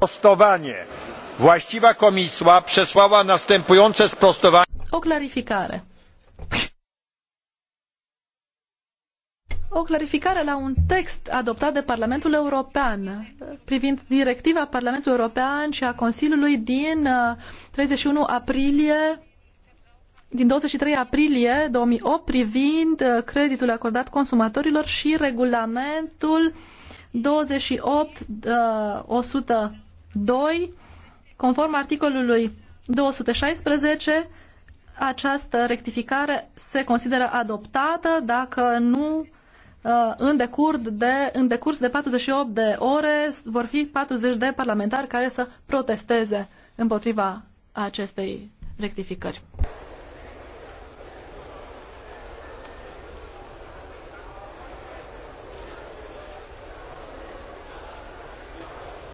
Sprostowanie. Właściwa komisja przesłała następujące sprostowanie. O clarificare. O clarificare la un text adoptat de Parlamentul European privind directiva Parlamentului European și a Consiliului din 31 uh, aprilie din 23 aprilie 2008 privind uh, creditul acordat consumatorilor și regulamentul 28 100 2, conform articolului 216, această rectificare se consideră adoptată dacă nu uh, în, decurs de, în decurs de 48 de ore vor fi 40 de parlamentari care să protesteze împotriva acestei rectificări.